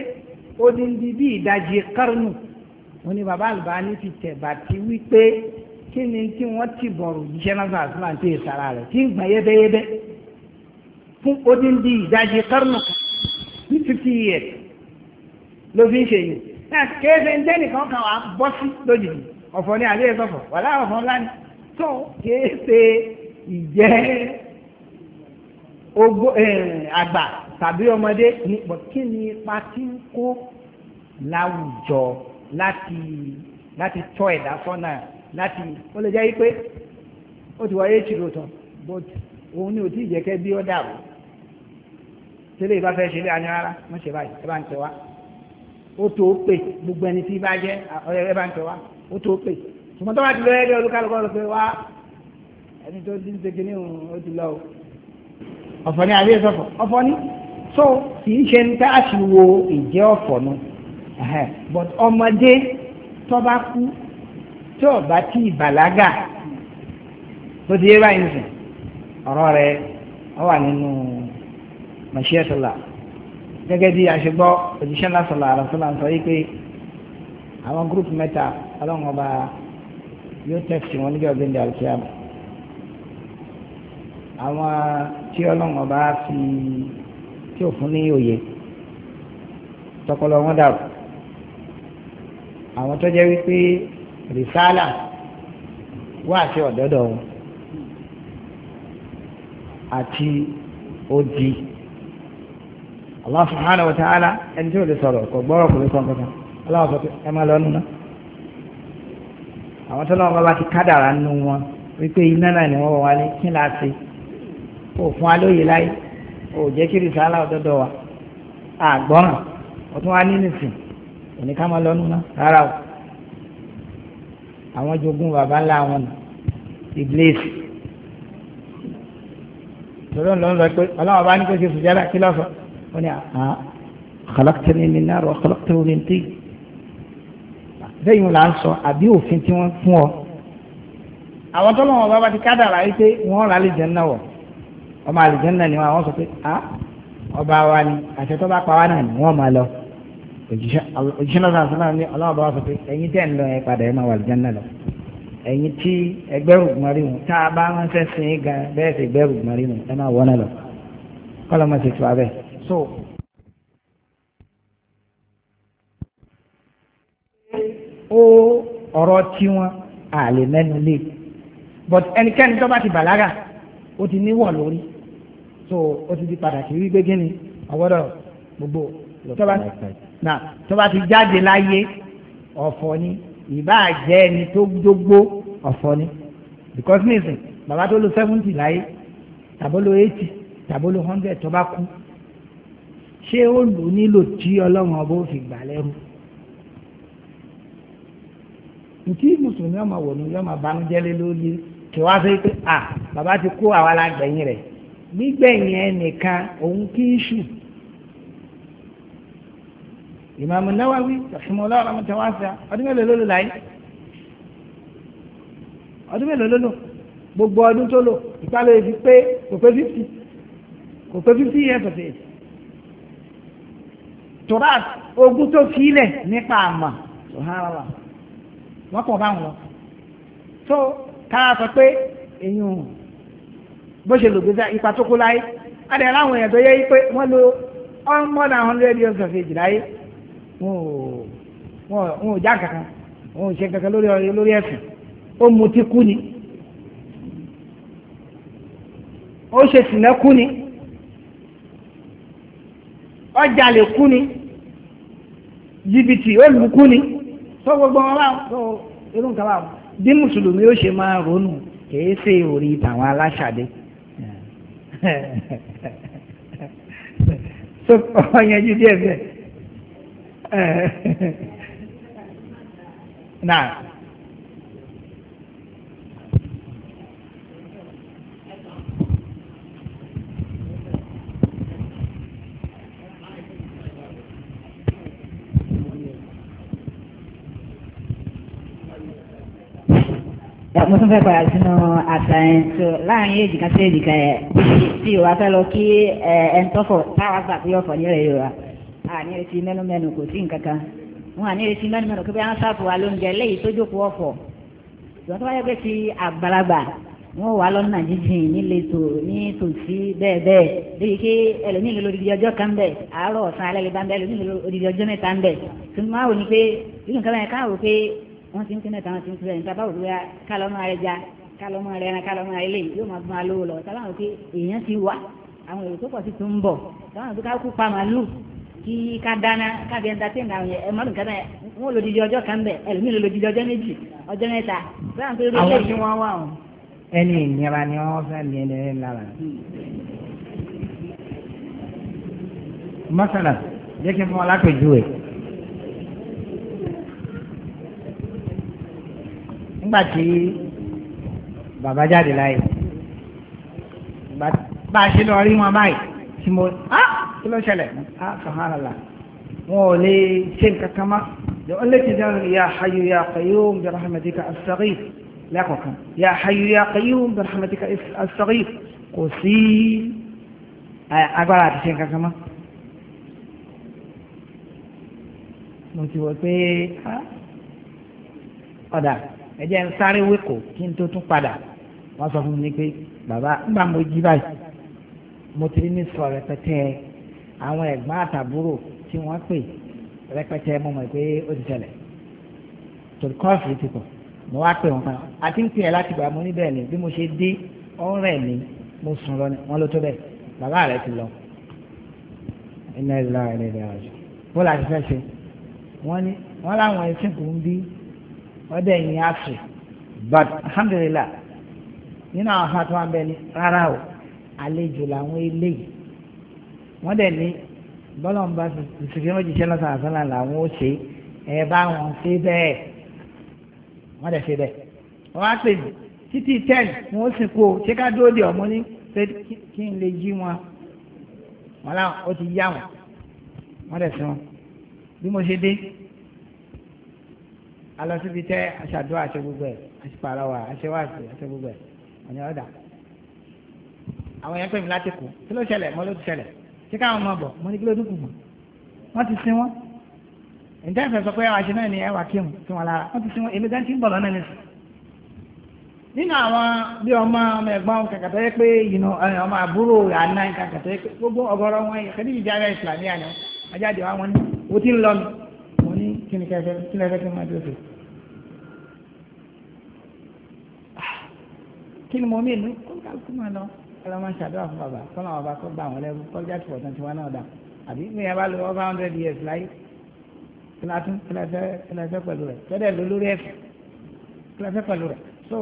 ó dín di bí ìdajì kárùnù wọ́n ní bàbá Albani ti tẹ̀ bàtí wípé kí ni kí ti bọ̀rù jíṣẹ́ náà sọ àtúntò àti ìsara rẹ̀ kí ń gbà fún odindi ìdajì kárùnù ní fifty years ló fi ń ṣe yìí náà kéèfé ń tẹ́ nìkan kan wà bọ́ sí lójijì ọ̀fọ̀ ni àbí ẹ̀sọ̀fọ̀ wà láwọn ńlá ni tó kéèfé ìjẹ́ àgbà tàbí ọmọdé ní kí ni ipa tí ń kó láwùjọ láti láti tọ́ ẹ̀dá sọ́nà láti ó lè jẹ́ pé ó ti wáyé tìrò tán but òun ni ò tí ì jẹ́ kẹ́ bí ó dàrú tẹ́lẹ̀ ìbá fẹ́ ṣe lé àní rárá wọ́n ṣe báyìí ẹ bá ń tẹ wá ó tó pè gbogbo ẹni tí bá jẹ́ ẹ bá ń tẹ wá ó tó pè ṣùgbọ́n tó ti lọ ẹ́ lé olúkálùkọ́ lọ pé wá ẹni tó ti ń ṣe kínní òun ó ti lọ o ọ̀fọ̀ ni àbí ẹ̀sọ̀fọ̀ ọ̀fọ̀ ni so kì í ṣe ní tá a wo ìjẹ́ ọ̀fọ̀ nu but ọmọdé tó bá kú tí ò bá tí ì bàlágà tó ti yé báyìí nìsín ọ̀rọ̀ rẹ̀ ọ wà nínú màṣíẹ́tìlá gẹ́gẹ́ bí a ṣe gbọ́ òjíṣẹ́ ńlá sọ̀lá àlọ́sọ́lá ń sọ yí pé àwọn gúrùpù mẹ́ta ọlọ́run ọba yóò tẹ̀sí wọn níbi ọ̀gbìn dàlùkíyàmù àwọn tí ọlọ́run ọba fi tí ò fún ní òye tọkọlọ wọn dàrú àwọn tó jẹ́ wípé rìsálà wà sí ọ̀dọ́dọ̀ wọn àti odi. Allah subhanahu wa ta'ala ẹni tí ó lè sọ̀rọ̀ kò gbọ́rọ̀ kò lè sọ nǹkan kan aláwọ̀ sọ pé ẹ máa lọ nùnà àwọn tó lọ́wọ́ bá ti kádàrà nù wọn wípé iná náà ni wọ́n wọ wálé kí la ṣe kò fún alóye láyé kò jẹ́ kí rìsálà ọ̀dọ́dọ̀ wa àgbọ́ràn ó tún wá ní nìsín òní ká máa lọ nùnà rárá o àwọn jogún bàbá ńlá wọn nù ìbílẹ̀sì lọ́dọ̀ lọ́dọ̀ pé ọlọ́wọ́ bá ní kó ṣe sùjádà wọ́n ní khalaqtani min nar wa khalaqtahu min tin lẹ́yìn là ń sọ àbí òfin tí wọ́n fún ọ. àwọn tó lọ́wọ́ bàbá ti kádàrà yìí pé wọ́n rà àlìjẹ́nà wọ̀ ọmọ àlìjẹ́nà ni wọ́n sọ pé ọba wa ni àṣẹ tó bá pa wá náà ni wọ́n máa lọ òjíṣẹ́ náà sàn sàn ní ọlọ́wọ́ bá wà sọ pé ẹ̀yin tẹ́ ń lọ ẹ padà ẹ máa wà lìjẹ́ náà lọ ẹ̀yin tí ẹgbẹ́rù gbọ́nrí wọn tá a bá ránṣẹ́ sí i gan bẹ́ẹ̀ sì gbẹ́rù gbọ́nrí wọn ẹ máa wọ́n náà lọ kọ́lọ́mọ ti tu abẹ́ so ó ọ̀rọ̀ tí wọ́n à lè mẹ́nu lé but ẹnikẹ́ni tó bá ti bàlágà ó ti níwọ̀ lórí so ó ti di pàtàkì wí pé kí ni ọ̀gbọ́dọ̀ gbogbo tó bá ti jáde láyé ọ̀fọ̀ ni ìbáà jẹ́ ẹni tó dógbó ọ̀fọ̀ ni because nísìn bàbá tó lo seventy láyé tàbó lo eighty tàbó lo hundred tó bá kú ṣé ó lù nílò tí ọlọ́run ọba ó fi gbà lẹ́rú ntí mùsùlùmí ọmọ wò ni yọmọ banújẹ́ lé lórí kí wá sí pé à bàbá ti kó àwa la gbẹ̀yìn rẹ̀ gbígbẹ̀yìn ẹ nìkan òun kì í ṣù ìmàmù Nawawi ṣàfihàn ọlọ́run mọ̀tẹ́wáṣá ọdún mélòó ló láyé ọdún mélòó ló gbogbo ọdún tó lò ìpàlọ́ èfi pé kò pé fifty kò pé fifty years of age torat ogún tó filẹ̀ nípa àmà sọ̀hánàlá wọ́n pọ̀ bá wọn so kára sọ pé èyàn bó ṣe lògbé sá ipa tó kó láyé adé láwọn èèyàn tó yẹ pé wọ́n lo more than hundred years of age láyé wọn ò já kankan wọn ò ṣe kankan lórí lórí ẹ̀sìn ó mutí kú ni ó ṣe sìnà kú ni. ọjà lè kú ni jìbìtì olùkú ni sọ gbogbo wọn bá sọ irú nǹkan bá bí mùsùlùmí ó ṣe máa ronú kìí ṣe orí tàwọn aláṣàdé <laughs> so ọ̀yànjú díẹ̀ bẹ́ẹ̀ <laughs> náà. tún fẹ́ padà sínú àṣà yẹn tó láàrin èjì kan sí èjì kan yẹn tí ìwà fẹ́ lọ kí ẹn tọ́fọ̀ táwa gbà pé ọ̀fọ̀ nílẹ̀ a àní retí mẹ́nu mẹ́nu kò sí nǹkan kan wọn àní retí mẹ́nu mẹ́nu kí bí wọ́n sáàpù wa lóúnjẹ lẹ́yìn tó jókòó ọ̀fọ̀ ìwọ́n tó wáyé pé ti àgbàlagbà wọn wà lọ́nà jíjìn nílé tó ní tòsí bẹ́ẹ̀ bẹ́ẹ̀ débi kí ẹlòmíì lórí odidi ọjọ́ kan bẹ̀ àárọ̀ ọ̀sán alẹ́ lè bá ń bẹ̀ ẹlòmíì lórí odidi ọjọ́ mẹ́ta ń bẹ̀ tó máa wò ní pé bí nǹkan bẹ́ẹ̀ káà pé wọ́n ti ń kíni táwọn ti ń kíni nípa báwo lóya kálọ́mọ rẹ já kálọ́mọ rẹ ẹran kálọ́mọ rẹ lè yóò máa gbọ́n alówó lọ sábà wọn pé èèyàn ti wá àwọn èrò tó pọ̀ sí tó ń bọ̀ sábà wọn pé ká kú pa màálù kí ká dáná ká fi ẹntatéèn àwọn yẹn ẹ má dùn kátà wọn ọjọ́ kan bẹ̀ ẹlòmíì ló ọjọ́ méjì ọjọ́ mẹ́ta sábà wọn pé nígbà tí bàbá jáde láyé bá a ṣe lọ rí wọn báyìí tí mo ah kí ló ṣẹlẹ̀ ah sọ̀hánàlá wọn ò lè ṣe nǹkan kan mọ́ ó lè ti dáhùn ya hayu ya qayyum bi rahmatika as-saghif lẹ́kọ̀ọ̀kan ya hayu ya qayyum bi rahmatika as-saghif kò sí agbára àti ṣe nǹkan kan mọ́. mo ti wọ pé ọ̀dà ẹ jẹ́ ń sáré wékò kí n tó tún padà wọ́n sọ fún mi pé bàbá nígbà mo jí báyìí mo ti ní sọ rẹpẹtẹ àwọn ẹ̀gbọ́n àtàbúrò tí wọ́n pè rẹpẹtẹ mo mọ̀ pé ó ti ṣẹlẹ̀ torí kọ́ọ̀fù ti pọ̀ mo wá pè wọn kan àti ń pè ẹ́ láti gbà mo ní bẹ́ẹ̀ ni bí mo ṣe dé ọ̀rẹ́ mi mo sùn lọ ni wọ́n ló tó bẹ́ẹ̀ bàbá rẹ ti lọ iná ìlà rẹ̀ rẹ̀ rẹ̀ bó la ti fẹ́ ṣe wọ́n ní wọ́n láwọn ẹ̀sìn kò ń bí ọdẹ yìí á sè but Alhamdulillah, nínú àwọn afá tó wà bẹ́ẹ̀ ni rárá o àlejò làwọn eléyìí wọ́n dẹ̀ ní bọ́lá ń bá ìsìnkú jíṣẹ́ lọ́sàn àṣálà làwọn ó ṣe ẹ bá wọn ṣe bẹ́ẹ̀ wọ́n dẹ̀ ṣe bẹ́ẹ̀ wọ́n á pè títí ten wọ́n ó sìnkú o ṣé ká dúró de ọmọ ní pé kí n lè jí wọn wọn láwọn ó ti yá wọn wọ́n dẹ̀ sí bí mo ṣe dé alọsíbi tẹ aṣàdúrà àṣẹ gbogbo ẹ aṣèpàrọwà aṣèwàṣì àṣẹ gbogbo ẹ ọ̀nà ọ̀dà àwọn yẹn pè mí láti kù kí ló ṣẹlẹ̀ mo ló ti ṣẹlẹ̀ ṣé káwọn ọmọ bọ̀ mo ní kí ló dúkù mọ̀ wọ́n ti sin wọn ǹjẹ́ ìfẹ́ sọ pé àṣẹ náà ni ẹwà kí wọn sí wọn lára wọ́n ti sin wọn èmi gan ti ń bọ̀ lọ́nà ní sùn. nínú àwọn bí ọmọ ọmọ ẹ̀gbọ́n kàkà tó yẹ pé ọmọ àbúrò àná kàkà tó yẹ pé gbogbo ọgọrọ wọn yẹ kẹ́ni o ti sí kíni kẹfẹ́ kí lẹ́fẹ́ kí máa dúró ah, kí ni mo mí ìlú kó kálukú máa lọ ọlọ́ máa ń ṣàdúrà fún bàbá kọ́nà bàbá kó gbà wọ́n lẹ́rú kọ́jà tó pọ̀tàn tiwọn náà dà àbí mi yẹn bá lọ over hundred years láyé kí la tún kí la fẹ́ kí pẹ̀lú rẹ̀ tọ́jà ló ẹ̀fẹ̀ kí pẹ̀lú rẹ̀ so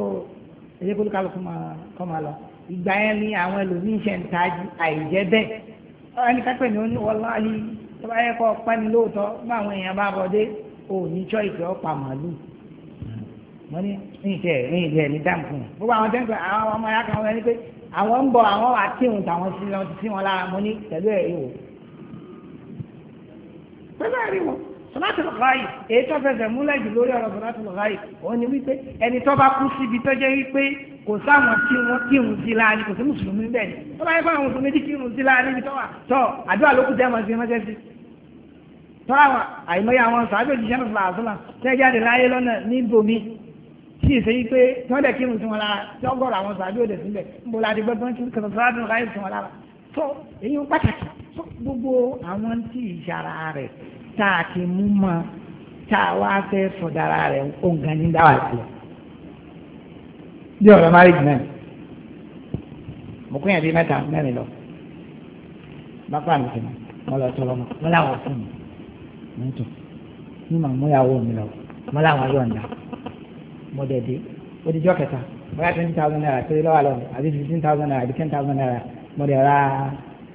èyí kó kálukú máa kọ́ máa lọ ìgbà yẹn ni àwọn ẹlòmíín ṣe ń tají àìjẹ́ bẹ́ẹ̀ ẹnì kápẹ́ ni ó ní wọ́n láyé tó bá yẹ kọ́ pani lóòótọ́ bá àwọn èèyàn bá bọ̀ dé ò ní choice ọ̀pá màálù wọ́n ní ìṣe ìṣe ní dáǹkù gbogbo àwọn tẹ́ǹpẹ̀ àwọn ọmọ ya kan wọ́n ní pé àwọn ń bọ̀ àwọn wà tíhun tàwọn sí wọn lára mo ní pẹ̀lú ẹ̀ ìwò pẹ̀lú ẹ̀ ìwò sọláàtì lọ́gáyì èyí tó fẹsẹ̀ múlẹ̀ jù lórí ọ̀rọ̀ sọláàtì lọ́gáyì òun ni wípé ẹni tó bá kú síbi tó jẹ́ wípé kò sáwọn tí wọ́n kírun sí láàrin kò sí mùsùlùmí bẹ́ẹ̀ ni tó bá yẹ fún àwọn mùsùlùmí tí kírun sí láàrin ibi tó wà tó àdúrà lókùtẹ́ máa sí i tọ́ra àìmọye àwọn sàájò jíjẹ́ náà fúnra àfúnà tẹ́jáde láyé lọ́nà níbòmí tí ìṣe yí pé tí wọ́n dẹ̀ kírun sí wọn lára tí wọ́n gọ̀rọ̀ àwọn sàájò òde sílẹ̀ níbo la ti gbọ́ tí wọ́n ti kẹsàn sọ́ra láyé sí wọn lára tó èyí ń pàtàkì tó gbogbo àwọn tí ìṣara rẹ̀ tá a ti mú mọ́ tá a wá fẹ́ sọ̀dára rẹ̀ òǹgàn ní dáwà sílẹ̀. bí ọ̀rọ̀ márìjì náà mo kún mọ́tò ní màá mú ìyàwó mi lọ mọ́ láwọn yọ̀ǹda mo dẹ̀ dé ó di jọ́ kẹta bóyá twenty thousand naira tó yẹ lọ́wọ́ lọ́wọ́ àbí fifteen thousand naira àbí ten thousand naira mo dẹ̀ ra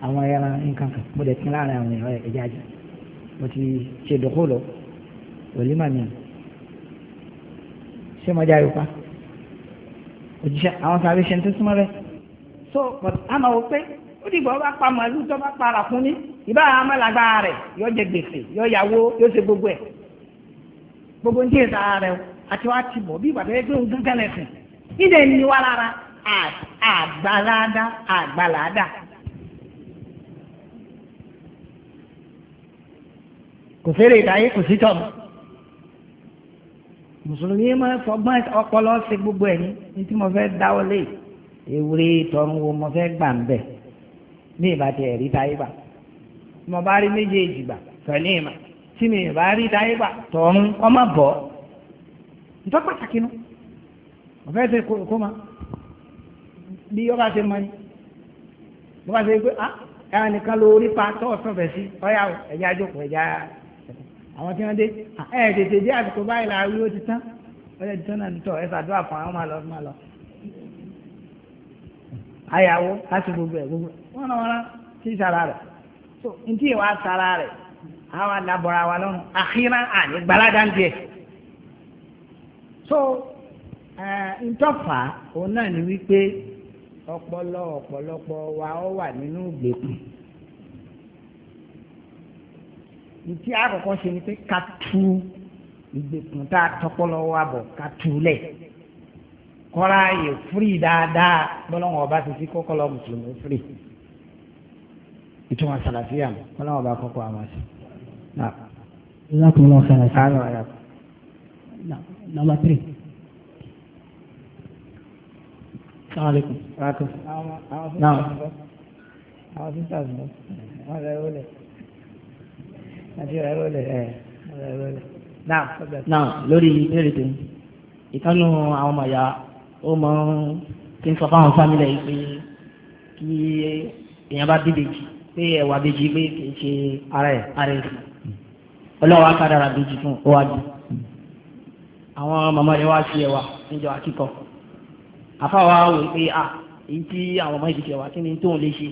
àwọn ẹran nǹkan kan mo dẹ̀ tún láàrin àwọn ẹ̀rọ ẹ̀jẹ̀ ajé mo ti ṣe dòkó lọ òlí màmí ṣé mo jáde pa òjíṣẹ́ àwọn sàbí ṣe ń tó súnmọ́ bẹ́ẹ̀ so but àmọ́ wò pé ó dìgbà ó bá pa màálù tó bá para fún mi ìbá amálàgbà rẹ̀ yóò jẹ gbèsè yóò yàwó yóò ṣe gbogbo ẹ̀ gbogbo ń jẹ́ ìta rẹ̀ àti wá ti bọ̀ bí ìbàdàn ẹgbẹ́ òun gángan lẹ́sìn nílẹ̀ ní wá rárá àgbàláda àgbàláda. kò fèrè ìdáyé kò sí tọ̀mù mùsùlùmí máa ń fọgbọ́n ọpọlọ ṣe gbogbo ẹ̀ ní tí mo fẹ́ dáwọ́lé ewúrẹ́ tọrùn wo mo fẹ́ gbà ń bẹ̀ ní ìbàdàn ẹ̀rí táyé bá mo bá rí méjèèjì gbà pẹ̀lú ìmọ̀ tí mi ì bá rí dáyé gbà tọ̀run ọmọ bọ̀ ǹjọ́ pàtàkì nu ọ̀fẹ́ ṣe kó ma bí ọba ṣe mọ ni mo bá ṣe pé ah ẹran nìkan ló rí pa tọ́wọ́ sọ̀fẹ̀ sí ọ̀yà ẹ̀jẹ̀ àjòkò ẹ̀jẹ̀ àwọn tí wọ́n dé ah, ẹ̀ tètè dé àsìkò báyìí la rí ó ti tán ó ti tán náà nítọ̀ ẹ̀ ṣàdúrà fún àwọn máa lọ máa lọ ayàwó láti gbogbo ẹ̀ gbogbo wọn náà wọn rán sí ìṣàlá rẹ̀ so n tí wàá sara rẹ̀ àwọn adabọ̀ra wa lọ́rùn àkírá àní gbalada ń jẹ so eh, ntọ́fà òun náà ni wípé ọpọlọ ọ̀pọ̀lọpọ̀ wa ó wà nínú ìgbèkùn ìtí àkọ́kọ́ ṣe ni pé ká tú ìgbèkùn tá a tọpọlọ wa bọ̀ ká tú lẹ̀ kọ́ra yẹ fúri dáadáa bọ́lọ́wọ́n ọba ti fi kọ́kọ́ lọ mùsùlùmí ìtumọ̀ sàlàfíà ọlọ́wọ́ bá kọ́kọ́ àwọn sí. lákùnrin ọ̀sán ẹ̀sán. àárọ̀ ayà. nọ́mbà tírì. sàlámù aleykum. wàhálà. náà. àwọn sísá mi wọn rẹ wọlé àti rẹ wọlé ẹ wọn rẹ wọlé. náà náà lórí ìbéèrè tèmi ìkànnù àwọn ọmọ ìyá ó mọ kí n sọ fáwọn fámìlì yìí pé kí èèyàn bá dìde jù pé ẹwà bèjì pé kìí ṣe ara ẹ̀ ara ẹ̀ fún ọlọ́wà kádàrà bèjì fún ó wá jù àwọn màmá rẹ̀ wá sí ẹwà níjọ akíkọ àfáwà wò pé à èyí tí àwọn ọmọ ìdíje wà kí ni tóun lè ṣe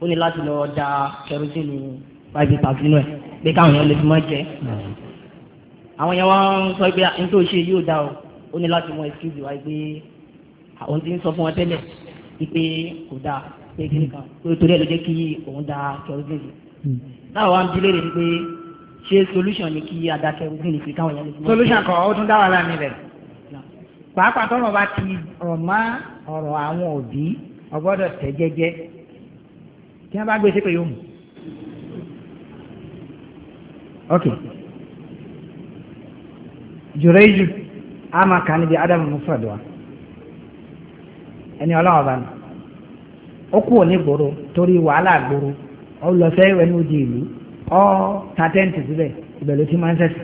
ó ní láti lọ da kẹrosínì five litres nínú pé káwọn èèyàn lè fi mọ́ jẹ àwọn èèyàn wá ń sọ pé n tó ṣe yóò dá o ó ní láti mọ excuse wa pé àwọn tí ń sọ fún wọn tẹ́lẹ̀ kò dáa pé kí nìkan pé torí ẹ̀ ló jẹ́ kí òun da kẹrùbìn yìí náà hmm. wà ń bí léèrè ni pé ṣé solution ni kí a da kẹrùbìn yìí káwọn yẹn lè fi. solution kan ó tún dá wàhálà mi rẹ̀ pàápàá tọ́rọ̀ bá ti rọ̀ mọ́ ọ̀rọ̀ àwọn òbí ọgbọ́dọ̀ tẹ̀ jẹ́jẹ́ tí wọ́n bá gbé sípè yóò mú. ok jùrẹ́jù a máa kà níbi ádámù mufadùá ẹni ọlọ́wọ́ bá ní. ó kú òní bụrụ torí wàhálà gbòòrò ó lọ fẹ́ ẹnu di ìlú ó ta tẹ́ǹtì síbẹ̀ ibẹ̀ ló ti máa ń sẹ̀sì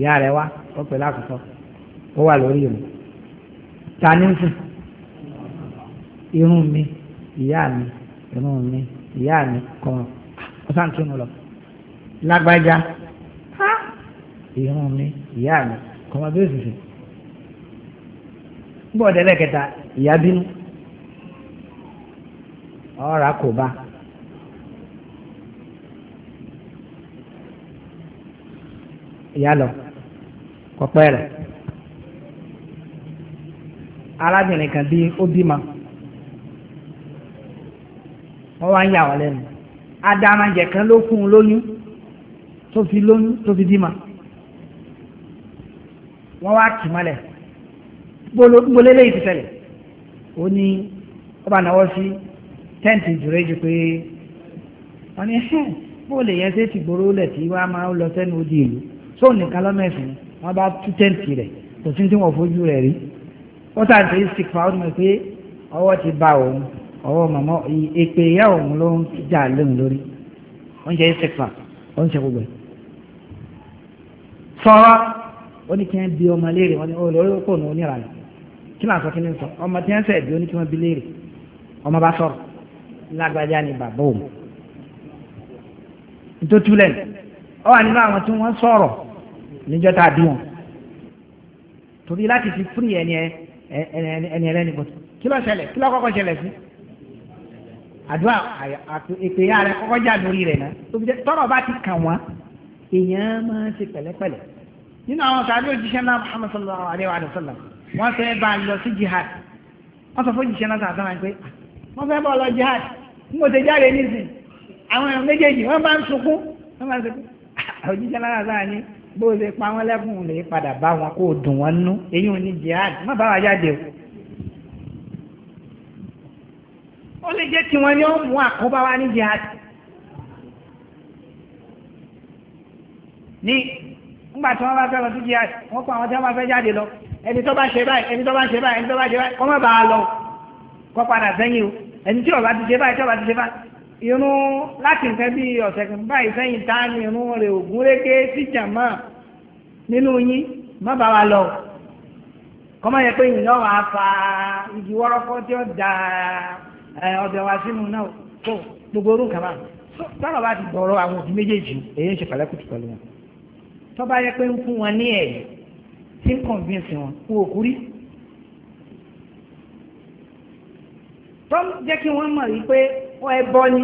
ìyá rẹ̀ wá ó pè lákòókò ó wà lórí ìlú ta ní ń sùn irun mi ìyá mi irun mi ìyá mi ń lọ lágbájá ọ̀rá kò bá. ìyá lọ kọpẹ́ rẹ̀ arábìnrin kan bí ó bímọ wọ́n wá ń yà wọ́n lẹ́nu adaranjẹ kan ló fún un lóyún tó fi lóyún tó fi bímọ wọ́n wá tì mọ́lẹ̀ gbólélé yìí ti ṣẹlẹ̀ ó ní ó náwó sí tẹ́ǹtì ìjùrẹ́jù pé wọ́n ní ẹ̀ bó lè yẹn ṣe ti gbòòrò lẹ̀ tí wọ́n á máa lọ sẹ́nu odi ìlú tó nìkan lọ́mẹ̀sìn wọ́n bá tú tẹ́ǹtì rẹ̀ kò sí tí wọ́n fojú rẹ̀ rí wọ́n tà ní six pound mi pé ọwọ́ ti ba òun ọwọ́ màmá èpè ìyá òun ló ń jà lóhùn lórí wọ́n ṣe six pound wọ́n ṣe gbogbo ẹ̀ sọ́rọ́ ó ní kí wọ́n bi ọmọ léèrè wọ́n ní olórí kò ní oníranà kí làásọ kí ni sọ ọmọ tí wọ́n sẹ̀ bí ó wọ́n bi léèrè ọmọ bá sọ̀rọ̀ lágbájá ni bàbá òun tó túlẹ̀ ọ wà nínú àwọn tí wọ́n sọ̀rọ̀ níjọ́ tá a bí wọn torí láti fi fúri ẹni ẹni ẹlẹ́ni bọ̀tọ̀ kí ló ṣẹlẹ̀ kí ló kọ́kọ́ ṣẹlẹ̀ sí àdúrà èpè ya rẹ kọ́kọ́ jà lórí rẹ̀ náà tọ́rọ̀ bá ti kàn wọ́n èèyàn máa ń ṣe pẹ̀lẹ́pẹ̀lẹ́ nínú àwọn sàbí òjíṣẹ́ náà Muhammad sallallahu alayhi wa sallam wọ́n fẹ́ bá lọ sí jihad wọ́n sọ fún òjíṣẹ́ náà sàbí ah, wọ́n fẹ́ bá lọ jihad mo ti jáde nísìn àwọn èèyàn méjèèjì wọ́n bá ń sunkún wọ́n bá ń sunkún ah, òjíṣẹ́ lára sáà ní bó ṣe pa wọ́n lẹ́kùn lè padà bá wọn kó dùn wọ́n nú èyí ò jihad má bá wa jáde o. ó lè jẹ́ kí ni ó mú àkóbá wa ní jihad. ní nígbà tí wọ́n bá fẹ́ lọ sí jihad pa àwọn tí wọ́n bá fẹ́ lọ ẹni tó bá ṣe báyìí ẹni tó bá ṣe báyìí ẹni tó bá ṣe báyìí kọ́ ẹni tí ọba ti ṣe báyìí tí ọba ti ṣe báyìí irun láti nǹkan bí ọ̀sẹ̀ kan báyìí sẹ́yìn tá ni irun rẹ̀ ògún rége sí jàmọ́ nínú yín má bá wa lọ kọ́mọ yẹ pé yìnyín náà wàá fa igi wọ́rọ́kọ́ tí ó da ọbẹ̀ wa sínú náà tó gbogbo orúkọ máa tọ́lọ̀ bá ti dọ̀rọ̀ àwọn òbí méjèèjì èyí ń ṣe pàlẹ́kùtù pẹ̀lú wọn tọ́ bá yẹ pé ń fún wọn ní ẹ̀yìn tí ń kọ̀ǹfíǹsì wọn wọn ò kúrí tó jẹ́ kí wọ́n mọ̀ wípé ẹbọ ni